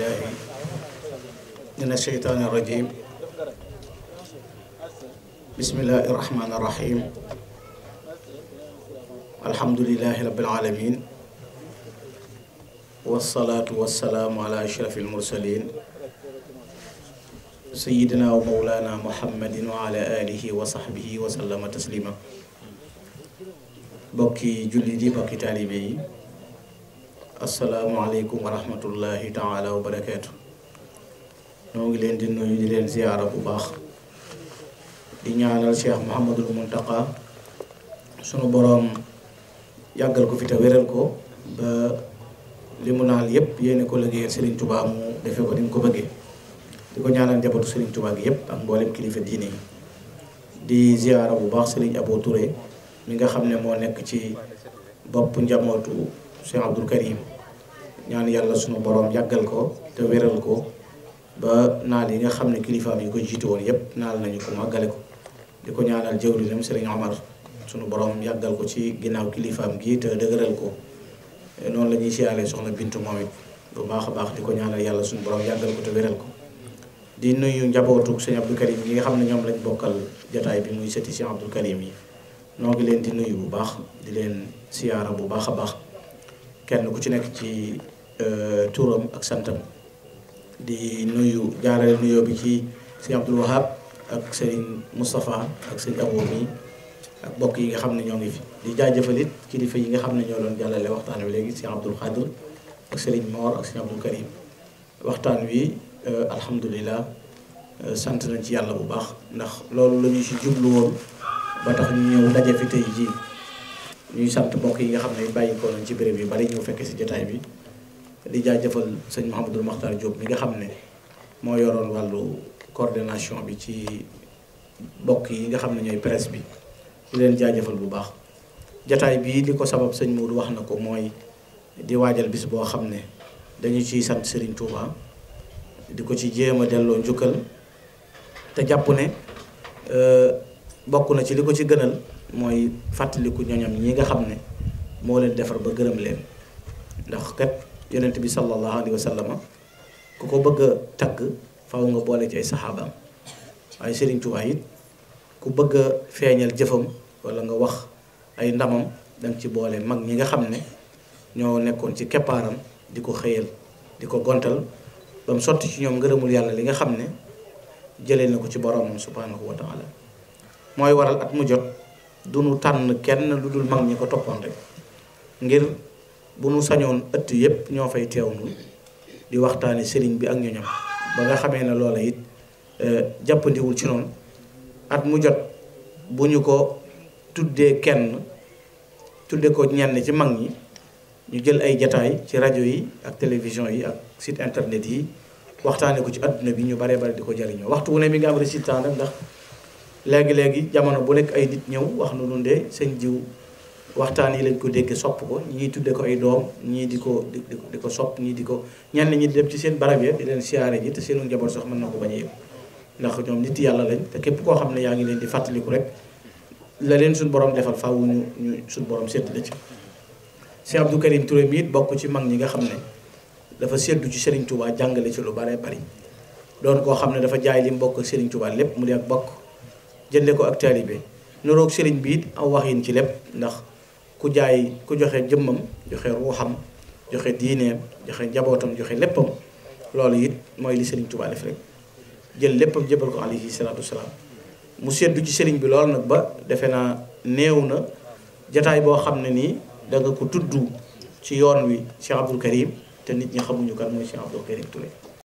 بالله من الشيطان الرجيم بسم الله الرحمن الرحيم الحمد لله رب العالمين والصلاة والسلام على أشرف المرسلين سيدنا ومولانا محمد وعلى آله وصحبه وسلم تسليما بكي جلدي بكي تالي asalaamualeykum wa rahmatullahi taala wa barakaatu ñoo ngi leen di nuyu leen ziyaara bu baax di ñaanal cheikh Mouhamadul Muntaqa sunu boroom yàggal ko fi te wéral ko ba li mu naal yépp yéene ko liggéeyal Serigne Touba mu defee ko ni mu ko bëggee di ko ñaanal njabootu Serigne Touba yépp ak mboolem kilifa diine di ziyaara bu baax Serigne Abo Touré nga xam ne moo nekk ci bopp njamootu Cheikh Abdoul Karim ñaan yàlla sunu boroom yàggal ko te wéral ko ba naal yi nga xam ne kilifaam yi ko jiitu woon yépp naal nañu ko màggale ko di ko ñaanal jëwriñam Serigne Omar sunu borom yàggal ko ci ginnaaw kilifaam gi te dëgëral ko e noonu la ñuy siyaaree soxna Bintu moom it baax a baax di ko ñaanal yàlla sunu borom yàggal ko te wéral ko di nuyu njabootu sëñ Abdou Karim yi nga xam ne ñoom lañ bokkal jataay bi muy sëti sëñ Abdou Karim yi noo ngi leen di nuyu bu baax di leen siyaara bu baax a baax kenn ku ci nekk ci Euh, turam ak santam di nuyu jaarale nuyoo bi ci sëñ Abdul Wahab ak sëriñ Moustapha ak sëriñ Abou mi ak mbokk yi nga xam ne ñoo ngi fi di jaajëfalit kilifa yi nga xam ne ñoo doon jàllale waxtaan wi léegi sëriñ Abdul Xadir ak sëriñ Mor ak sëriñ Abdul Karim waxtaan wi euh, alhamdulilah euh, sant nañ ci yàlla bu baax ndax loolu la ñu si jublu woon ba tax ñu ñëw daje fi tey jii ñuy sant mbokk yi nga xam ne bàyyi ko nañ ci béréb yi bari ñu fekkee si jotaay bi di jaajëfal sëñ Mouhamadul Makhtar Diop mi nga xam ne moo yoroon wàllu coordination bi ci bokk yi nga xam ne ñooy presse bi di leen jaajëfal bu baax jataay bii li ko sabab sëñ Mourou wax na ko mooy di waajal bis boo xam ne dañu ciy sant Serigne Touba di ko ci jéem a delloo njukkal te jàpp ne euh, bokk na ci li ko ci gënal mooy fàttaliku ñoñam ñi nga xam ne moo leen defar ba gërëm leen ndax kat yonent bi sallallahu alayhi wa sallam ku ko bëgg a faw nga boole ci ay saxaabaam waaye Sëriñ Tuubaa ku bëgg a feeñal jëfam wala nga wax ay ndamam danga ci boole mag ñi nga xam ne ñoo nekkoon ci keppaaram di ko xëyal di ko gontal ba mu sotti ci ñoom ngërëmul yàlla li nga xam ne jëlee na ko ci boromam subhaanahu wa taala mooy waral at mu jot du nu tànn kenn lu dul mag ñi ko toppoon rek ngir bu nu sañoon ëtt yépp ñoo fay teew nu di waxtaane sëriñ bi ak ñu ñoñam ba nga xamee ne loola it e, jàppandiwul ci noonu at mu jot bu ñu ko tuddee kenn tudde ko ñenn ci mag ñi ñu jël ay jataay ci rajo yi ak télévision yi ak site internet yi waxtaane ko ci àdduna bi ñu baree bari di ko jariñoo waxtu wu ne mi nga am résultat nag ndax léegi-léegi jamono bu nekk ay nit ñëw wax nu dundee seen jiw waxtaan yi lañ ko dégg sopp ko ñii tuddee ko ay doom ñii di ko di di ko sopp ñii di ko ñan ñi di dem ci seen barab yi di leen siyaare ji te seenu njaboot sax mën na ko bañ a yëpp ndax ñoom nit yàlla lañ te képp koo xam ne yaa ngi leen di fàttaliku rek la leen suñ borom defal faaw ñu ñu suñ borom sédd la ci Cheikh Abdou Karim Touré mi it bokk ci mag ñi nga xam ne dafa seddu ci Serigne Touba jàngale si lu bare bari doon koo xam ne dafa jaay li mu bokk Serigne lépp mu di bokk jënde ko ak taalibe nuroog Serigne bi it aw waxin ci lépp ndax ku jaay ku joxe jëmmam joxe ruuxam joxe diineem joxe njabootam joxe léppam loolu it mooy li Serigne Touba def rek jël léppam jëbal ko alayhi salaatu wasalaam mu seddu ci Serigne bi lool nag ba defe naa néew na jataay boo xam ne nii danga ko tudd ci yoon wi Cheikh Abdoul Karim te nit ñi xamuñu kan mooy Cheikh Abdoul Karim Touré